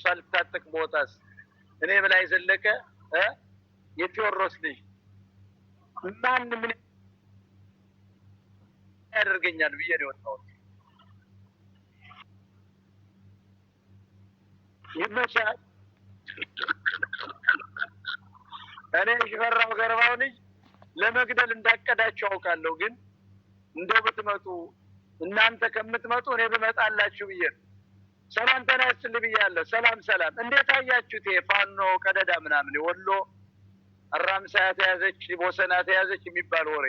እሷ ልታጠቅ መውጣስ እኔ በላይ ዘለቀ የቴዎድሮስ ልጅ ማን ምን ያደርገኛል ብዬ ነው የወጣሁት። ይመቻል። እኔ ሽፈራው ገርባው ልጅ ለመግደል እንዳቀዳችሁ አውቃለሁ፣ ግን እንደው ብትመጡ እናንተ ከምትመጡ እኔ ብመጣላችሁ ብዬ ነው። ሰላም ጤና ብያለሁ። ሰላም ሰላም፣ እንዴት አያችሁት? ፋኖ ቀደዳ ምናምን ወሎ አራምሳ ተያዘች፣ ቦሰና ተያዘች የሚባል ወሬ፣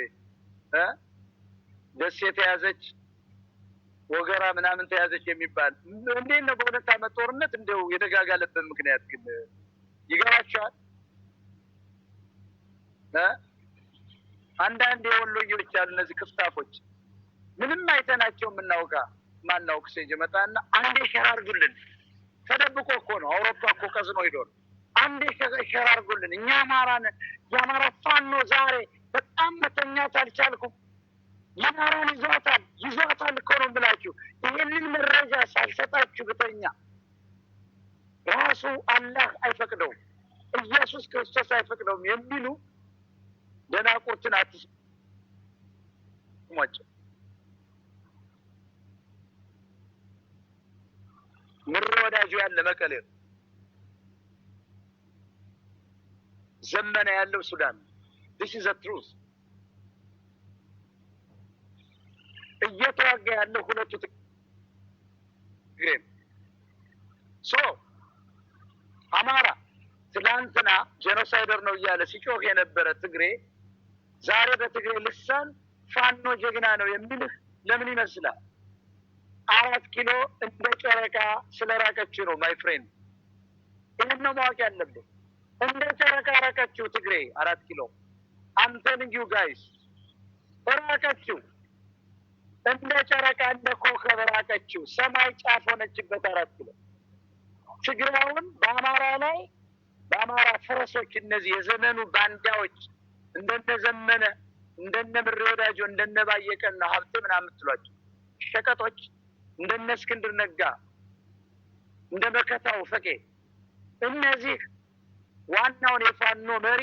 ደሴ ተያዘች፣ ወገራ ምናምን ተያዘች የሚባል እንዴት ነው? በሁለት ዓመት ጦርነት እንደው የተጋጋለበት ምክንያት ግን ይገባችኋል? አንዳንድ የወሎዬ አሉ እነዚህ ክፍታፎች ምንም አይተናቸው የምናውቃ ማና ኦክስቼንጅ መጣና አንዴ ሸራርጉልን። ተደብቆ እኮ ነው አውሮፓ እኮ ቀዝኖ ሂዶ ነው። አንዴ ሸራርጉልን። እኛ አማራን የአማራ ፋኖ ዛሬ በጣም መተኛት አልቻልኩም። የአማራን ይዟታል ይዟታል እኮ ነው ብላችሁ ይህንን መረጃ ሳልሰጣችሁ ብተኛ ራሱ አላህ አይፈቅደውም ኢየሱስ ክርስቶስ አይፈቅደውም የሚሉ ደናቁርትን አትስሟቸው። ምር ወዳጁ ያለ መቀሌ ዘመነ ያለው ሱዳን ዲስ ኢዝ ትሩዝ እየተዋጋ ያለው ሁለቱ ትግሬ ሶ አማራ ትላንትና ጄኖሳይደር ነው እያለ ሲጮህ የነበረ ትግሬ ዛሬ በትግሬ ልሳን ፋኖ ጀግና ነው የሚልህ ለምን ይመስላል? አራት ኪሎ እንደ ጨረቃ ስለራቀችው ነው። ማይ ፍሬንድ ይህን ነው ማወቅ ያለብን። እንደ ጨረቃ ራቀችው ትግሬ አራት ኪሎ ዩ ጋይስ ራቀችው። እንደ ጨረቃ እንደ ኮከብ ራቀችው። ሰማይ ጫፍ ሆነችበት አራት ኪሎ። ትግራውን በአማራ ላይ በአማራ ፈረሶች እነዚህ የዘመኑ ባንዳዎች እንደነዘመነ እንደነ ምሬ ወዳጆ እንደነ ባየቀና ሀብቴ ምናምን የምትሏቸው ሸቀጦች እንደነ እስክንድር ነጋ፣ እንደ መከታው ፈቄ እነዚህ ዋናውን የፋኖ መሪ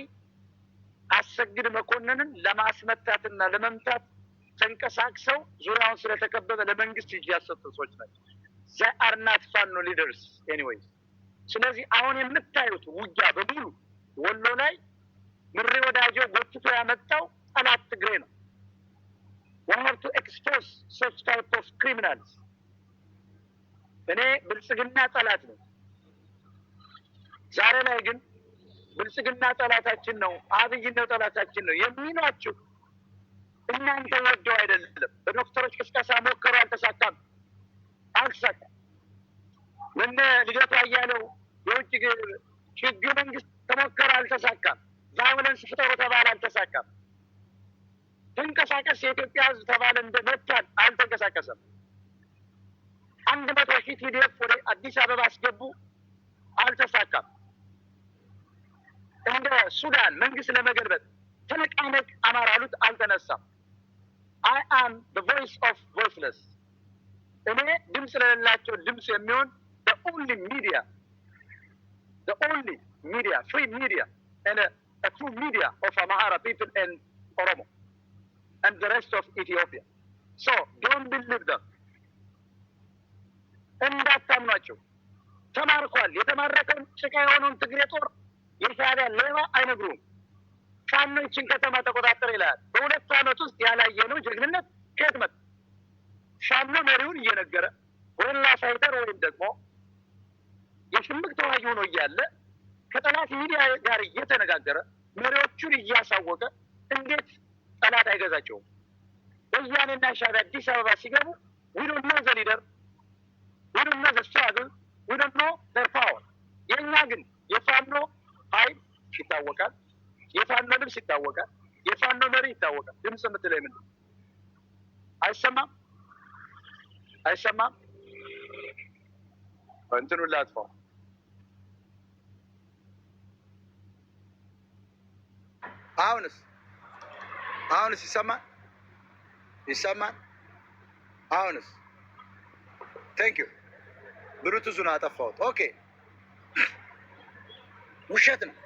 አሰግድ መኮንንን ለማስመታትና ለመምታት ተንቀሳቅሰው ዙሪያውን ስለተከበበ ለመንግስት እጅ ያሰጡ ሰዎች ናቸው። ዘአርናት ፋኖ ሊደርስ ኤኒዌይስ። ስለዚህ አሁን የምታዩት ውጊያ በሙሉ ወሎ ላይ ምሬ ወዳጆ ጎትቶ ያመጣው ጠላት ትግሬ ነው። ዋሀርቱ ኤክስፖስ ሶች ታይፕ ኦፍ ክሪሚናልስ እኔ ብልጽግና ጠላት ነው። ዛሬ ላይ ግን ብልጽግና ጠላታችን ነው፣ አብይነው ጠላታችን ነው የሚሏችሁ እናንተ ወደው አይደለም። በዶክተሮች ቅስቀሳ ሞከሩ፣ አልተሳካም፣ አልተሳካም። እነ ልደቱ አያለው የውጭ ሽጁ መንግስት ተሞከረ፣ አልተሳካም። ቫዮለንስ ፍጠሩ ተባለ፣ አልተሳካም። ተንቀሳቀስ የኢትዮጵያ ህዝብ ተባለ መጥቷል፣ አልተንቀሳቀሰም። undemocratic leader for Addis Ababa አስገቡ፣ አልተሳካም። እንደ ሱዳን መንግስት ለመገልበጥ ተነቃነቅ አማራ አሉት፣ አልተነሳም። አይ አም ቮይስ ኦፍ ቮይስለስ፣ እኔ ድምፅ ለሌላቸው ድምፅ የሚሆን ኦንሊ ሚዲያ ኦንሊ ሚዲያ ፍሪ ሚዲያ ትሩ ሚዲያ ኦፍ አማራ ፒፕል ኤንድ ኦሮሞ ኤንድ ዘ ሬስት ኦፍ ኢትዮጵያ ሶ ዶንት ቢሊቭ ዘም እንዳታምኗቸው። ተማርኳል የተማረከውን ጭቃ የሆነውን ትግሬ ጦር የሻቢያ ሌባ አይነግሩም። ፋኖ ከተማ ተቆጣጠር ይላል። በሁለት ዓመት ውስጥ ያላየነው ጀግንነት ከየት መጣ? መሪውን እየነገረ ወላ ሳይተር ወይም ደግሞ የሽምቅ ተዋጊ ሆኖ እያለ ከጠላት ሚዲያ ጋር እየተነጋገረ መሪዎቹን እያሳወቀ እንዴት ጠላት አይገዛቸውም? ወያኔና ሻቢያ አዲስ አበባ ሲገቡ ዊዶና ዘሊደር and another struggle, we don't know የእኛ ግን የፋኖ ኃይል ይታወቃል። የፋኖ ልብስ ይታወቃል። የፋኖ መሪ ይታወቃል። ድምፅ የምትለኝ ምንድን ነው? አይሰማም፣ አይሰማም። እንትኑን ላጥፋው። አሁንስ አሁንስ ይሰማል፣ ይሰማል። አሁንስ ቴንክ ዩ ብሉቱዙን አጠፋሁት። ኦኬ ውሸት ነው።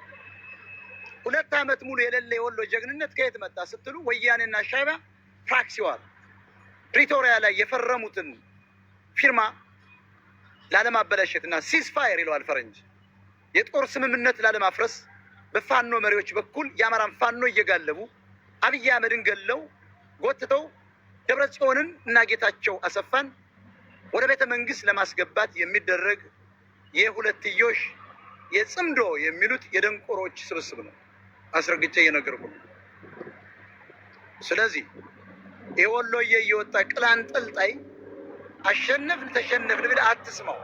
ሁለት ዓመት ሙሉ የሌለ የወሎ ጀግንነት ከየት መጣ ስትሉ ወያኔና ሻዕቢያ ፋክሲዋል ፕሪቶሪያ ላይ የፈረሙትን ፊርማ ላለማበላሸት እና ሲስፋየር ይለዋል ፈረንጅ የጦር ስምምነት ላለማፍረስ በፋኖ መሪዎች በኩል የአማራን ፋኖ እየጋለቡ አብይ አህመድን ገለው ጎትተው ደብረ ጽዮንን እና ጌታቸው አሰፋን ወደ ቤተ መንግስት ለማስገባት የሚደረግ የሁለትዮሽ የጽምዶ የሚሉት የደንቆሮች ስብስብ ነው። አስረግቼ እየነገርኩ ነው። ስለዚህ የወሎዬ እየወጣ ቅላን አሸነፍን ተሸነፍን ብል አትስማው።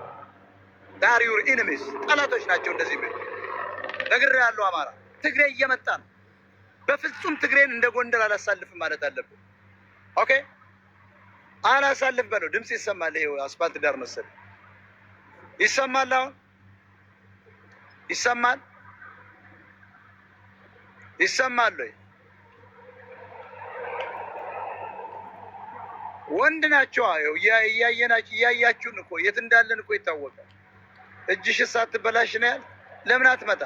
ዳሪዩር ኢንሚስ ጠላቶች ናቸው። እንደዚህ ብል ነግሬ ያለው አማራ ትግሬ እየመጣ ነው። በፍጹም ትግሬን እንደ ጎንደር አላሳልፍም ማለት አለብን። ኦኬ አላሳልፍ በለው ድምፅ ይሰማል። ይኸው አስፋልት ዳር መሰል ይሰማል። አሁን ይሰማል ይሰማል ወይ? ወንድ ናቸው። ይኸው እያየናችሁ እያያችሁን እኮ የት እንዳለን እኮ ይታወቃል። እጅሽ ሳትበላሽ ነው ያል ለምን አትመጣ?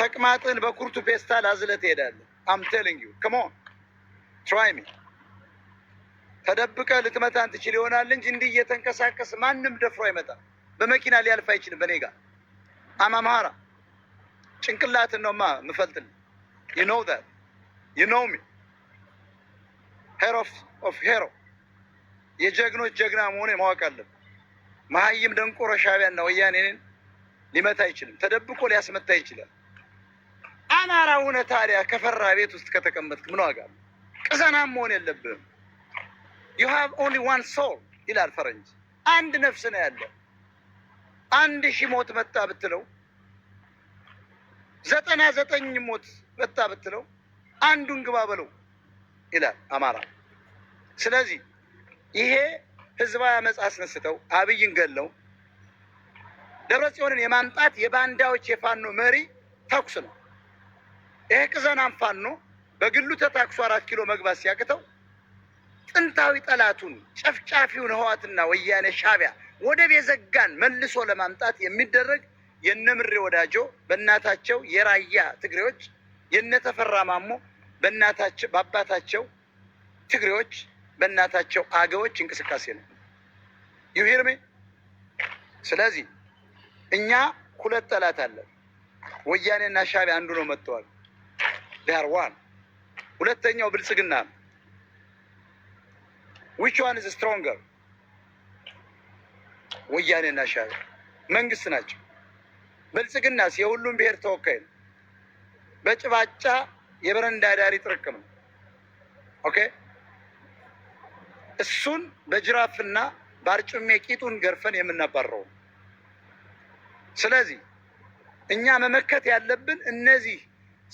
ተቅማጥን በኩርቱ ፔስታል አዝለ ትሄዳለህ። አም ቴሊንግ ዩ ኮም ኦን ትራይ ሚ ተደብቀ ልትመታን ትችል ይሆናል እንጂ እንዲህ እየተንቀሳቀስ ማንም ደፍሮ አይመጣም። በመኪና ሊያልፍ አይችልም። በኔ ጋር አማማራ ጭንቅላትን ነውማ ምፈልጥል ዩ ኖው ዛት ዩ ኖው ሚ ሄር ኦፍ ሄሮ የጀግኖች ጀግና መሆኔ ማወቅ አለብ። መሀይም ደንቆሮ ሻዕቢያና ወያኔን ሊመታ አይችልም። ተደብቆ ሊያስመታ ይችላል። አማራ ሆነ ታዲያ ከፈራ ቤት ውስጥ ከተቀመጥክ ምን ዋጋ? ቅዘናም መሆን የለብህም። ዩ ሃቭ ኦንሊ ዋን ሶል ይላል ፈረንጅ። አንድ ነፍስ ነው ያለ። አንድ ሺህ ሞት መጣ ብትለው፣ ዘጠና ዘጠኝ ሞት መጣ ብትለው፣ አንዱን ግባ በለው ይላል አማራ። ስለዚህ ይሄ ህዝባዊ አመፅ አስነስተው አብይን ገለው ደብረ ጽዮንን የማምጣት የባንዳዎች የፋኖ መሪ ተኩስ ነው። ይሄ ቅዘናም ፋኖ በግሉ ተታክሶ አራት ኪሎ መግባት ሲያቅተው ጥንታዊ ጠላቱን ጨፍጫፊውን ህዋትና ወያኔ ሻቢያ ወደብ የዘጋን መልሶ ለማምጣት የሚደረግ የነምሬ ወዳጆ በእናታቸው የራያ ትግሬዎች የነተፈራ ማሞ በእናታቸው በአባታቸው ትግሬዎች በእናታቸው አገዎች እንቅስቃሴ ነው። ይሄርሜ ስለዚህ እኛ ሁለት ጠላት አለን። ወያኔና ሻቢያ አንዱ ነው መጥተዋል። ዳርዋን ሁለተኛው ብልጽግና ነው። ዊች ዋን ኢዝ ስትሮንገር? ወያኔና ሻዕቢያ መንግስት ናቸው። ብልጽግናስ የሁሉም ብሔር ተወካይ ነው። በጭባጫ የበረንዳ ዳሪ ጥርቅም ነው። ኦኬ እሱን በጅራፍና በአርጩሜ ቂጡን ገርፈን የምናባረው። ስለዚህ እኛ መመከት ያለብን እነዚህ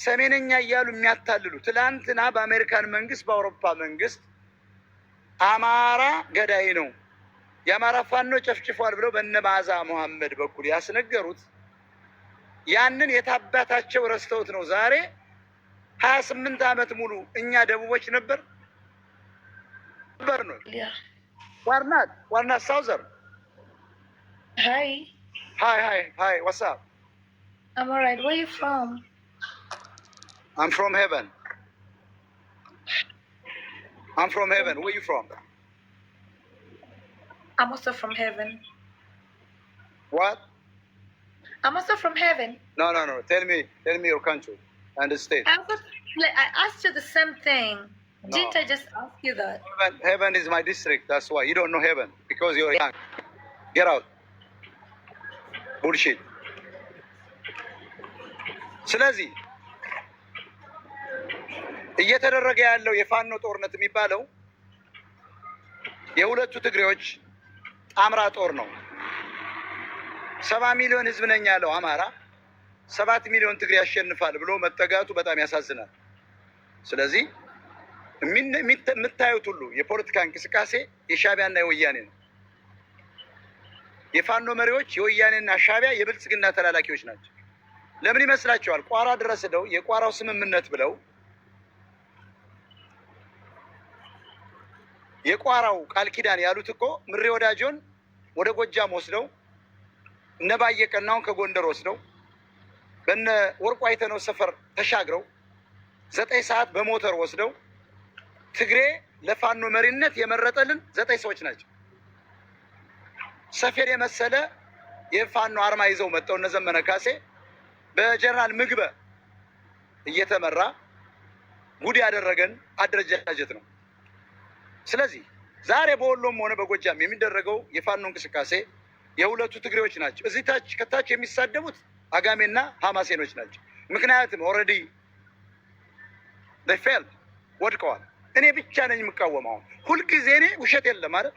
ሰሜነኛ እያሉ የሚያታልሉ ትላንትና በአሜሪካን መንግስት፣ በአውሮፓ መንግስት አማራ ገዳይ ነው፣ የአማራ ፋኖ ጨፍጭፏል ብለው በነ በነባዛ መሐመድ በኩል ያስነገሩት ያንን የታባታቸው ረስተውት ነው። ዛሬ ሀያ ስምንት ዓመት ሙሉ እኛ ደቡቦች ነበር ነበር ነው ዋርናት ዋርናት ሳውዘር ሀይ ሀይ ሀይ ሀይ ዋትስ አፕ አም ኦልራይት ዌር ዩ ፍሮም አም ፍሮም ሄቨን I'm from heaven. Where are you from? I'm also from heaven. What? I'm also from heaven. No, no, no. Tell me, tell me your country and the state. I, was, like, I asked you the same thing. No. Didn't I just ask you that? Heaven, heaven is my district. That's why you don't know heaven because you're young. Get out. Bullshit. ስለዚህ እየተደረገ ያለው የፋኖ ጦርነት የሚባለው የሁለቱ ትግሬዎች ጣምራ ጦር ነው። ሰባ ሚሊዮን ህዝብ ነኝ ያለው አማራ ሰባት ሚሊዮን ትግሬ ያሸንፋል ብሎ መጠጋቱ በጣም ያሳዝናል። ስለዚህ የምታዩት ሁሉ የፖለቲካ እንቅስቃሴ የሻቢያና የወያኔ ነው። የፋኖ መሪዎች የወያኔና ሻቢያ የብልጽግና ተላላኪዎች ናቸው። ለምን ይመስላቸዋል? ቋራ ድረስ ሄደው የቋራው ስምምነት ብለው የቋራው ቃል ኪዳን ያሉት እኮ ምሬ ወዳጆን ወደ ጎጃም ወስደው እነ ባየቀናውን ከጎንደር ወስደው በነ ወርቁ አይተነው ሰፈር ተሻግረው ዘጠኝ ሰዓት በሞተር ወስደው ትግሬ ለፋኖ መሪነት የመረጠልን ዘጠኝ ሰዎች ናቸው። ሰፌድ የመሰለ የፋኖ አርማ ይዘው መጠው እነ ዘመነ ካሴ በጀነራል ምግበ እየተመራ ጉድ ያደረገን አደረጃጀት ነው። ስለዚህ ዛሬ በወሎም ሆነ በጎጃም የሚደረገው የፋኖ እንቅስቃሴ የሁለቱ ትግሬዎች ናቸው። እዚህ ታች ከታች የሚሳደቡት አጋሜና ሀማሴኖች ናቸው። ምክንያቱም ኦልሬዲ ፌል ወድቀዋል። እኔ ብቻ ነኝ የምቃወመው። ሁልጊዜ እኔ ውሸት የለም ማለት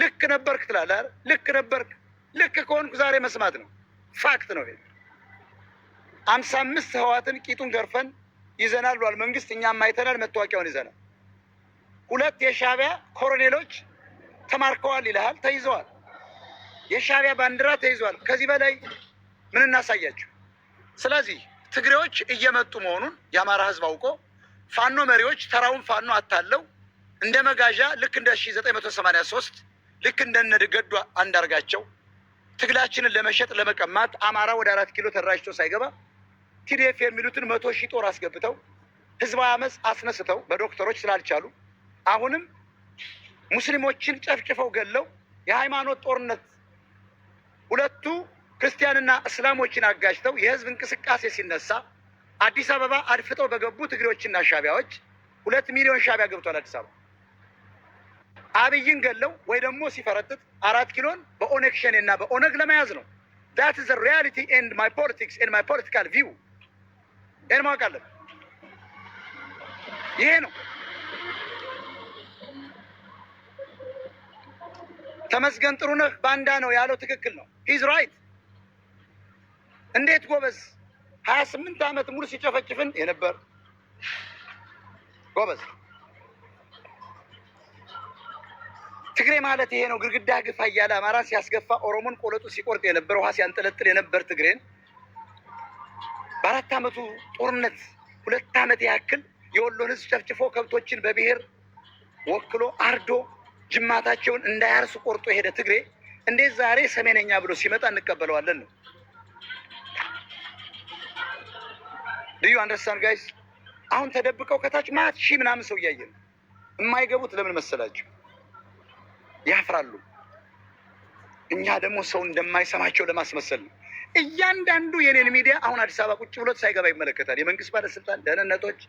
ልክ ነበርክ ትላለህ። ልክ ነበርክ ልክ ከሆንኩ ዛሬ መስማት ነው። ፋክት ነው። አምሳ አምስት ህዋትን ቂጡን ገርፈን ይዘናል ብሏል መንግስት። እኛም አይተናል። መታወቂያውን ይዘናል። ሁለት የሻቢያ ኮሎኔሎች ተማርከዋል ይልሃል፣ ተይዘዋል። የሻቢያ ባንዲራ ተይዘዋል። ከዚህ በላይ ምን እናሳያቸው? ስለዚህ ትግሬዎች እየመጡ መሆኑን የአማራ ህዝብ አውቆ ፋኖ መሪዎች ተራውን ፋኖ አታለው እንደ መጋዣ ልክ እንደ ሺ ዘጠኝ መቶ ሰማኒያ ሶስት ልክ እንደ ነድገዱ አንዳርጋቸው ትግላችንን ለመሸጥ ለመቀማት አማራ ወደ አራት ኪሎ ተደራጅቶ ሳይገባ ቲዲኤፍ የሚሉትን መቶ ሺህ ጦር አስገብተው ህዝባዊ አመፅ አስነስተው በዶክተሮች ስላልቻሉ አሁንም ሙስሊሞችን ጨፍጭፈው ገለው የሃይማኖት ጦርነት ሁለቱ ክርስቲያንና እስላሞችን አጋጅተው የህዝብ እንቅስቃሴ ሲነሳ አዲስ አበባ አድፍጠው በገቡ ትግሬዎችና ሻቢያዎች ሁለት ሚሊዮን ሻቢያ ገብቷል አዲስ አበባ። አብይን ገለው ወይ ደግሞ ሲፈረጥጥ አራት ኪሎን በኦነግ ሸኔ እና በኦነግ ለመያዝ ነው። ዳት ዘ ሪያሊቲ ኤንድ ማይ ፖለቲክስ ኤንድ ማይ ፖለቲካል ቪው ይህን ማወቅ አለብን። ይሄ ነው። ተመስገን ጥሩነህ ባንዳ ነው ያለው ትክክል ነው። ሂዝ ራይት። እንዴት ጎበዝ ሀያ ስምንት ዓመት ሙሉ ሲጨፈጭፍን የነበር ጎበዝ። ትግሬ ማለት ይሄ ነው። ግድግዳ ግፋ እያለ አማራን ሲያስገፋ፣ ኦሮሞን ቆለጡ ሲቆርጥ የነበር ውሃ ሲያንጠለጥል የነበር ትግሬን በአራት ዓመቱ ጦርነት ሁለት ዓመት ያክል የወሎን ህዝብ ጨፍጭፎ ከብቶችን በብሔር ወክሎ አርዶ ጅማታቸውን እንዳያርስ ቆርጦ የሄደ ትግሬ እንዴት ዛሬ ሰሜነኛ ብሎ ሲመጣ እንቀበለዋለን ነው? ልዩ አንደርስታንድ ጋይስ? አሁን ተደብቀው ከታች ማት ሺህ ምናምን ሰው እያየ ነው የማይገቡት። ለምን መሰላቸው? ያፍራሉ። እኛ ደግሞ ሰው እንደማይሰማቸው ለማስመሰል ነው። እያንዳንዱ የኔን ሚዲያ አሁን አዲስ አበባ ቁጭ ብሎት ሳይገባ ይመለከታል። የመንግስት ባለስልጣን፣ ደህንነቶች፣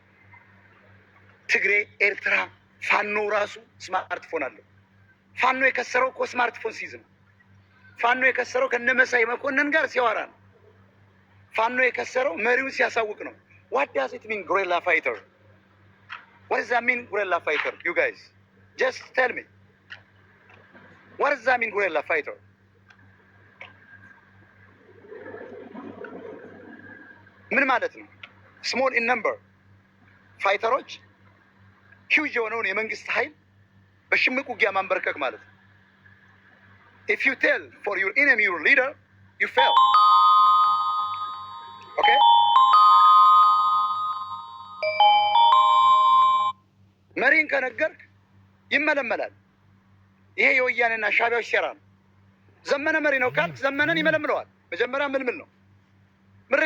ትግሬ፣ ኤርትራ፣ ፋኖ ራሱ ስማርትፎን አለው። ፋኖ የከሰረው እኮ ስማርትፎን ሲይዝ ነው። ፋኖ የከሰረው ከነመሳይ መኮንን ጋር ሲያወራ ነው። ፋኖ የከሰረው መሪውን ሲያሳውቅ ነው። ዋት ዳዝ ኢት ሚን ጉሬላ ፋይተር? ዋት ሚን ጉሬላ ፋይተር? ዩ ጋይስ ጀስት ቴል ሚ ሚን ጉሬላ ፋይተር? ምን ማለት ነው? ስሞል ኢን ነምበር ፋይተሮች ሂውጅ የሆነውን የመንግስት ኃይል በሽምቅ ውጊያ ማንበርከክ ማለት ነው። ኢፍ ዩ ቴል ፎር ዩር ኢነሚ ዩር ሊደር ዩ ፌል ኦኬ። መሪን ከነገርክ ይመለመላል። ይሄ የወያኔና ሻቢያዎች ሴራ ነው። ዘመነ መሪ ነው ካልክ ዘመነን ይመለምለዋል። መጀመሪያ ምልምል ነው። ምሬ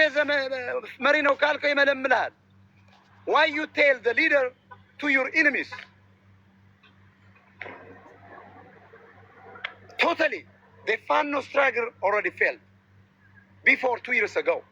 መሪ ነው ካልከው ይመለምልሃል። ዋይ ዩ ቴል ሊደር ቱ ዩር ኢኒሚስ Totally. The Fano struggle already failed before two years ago.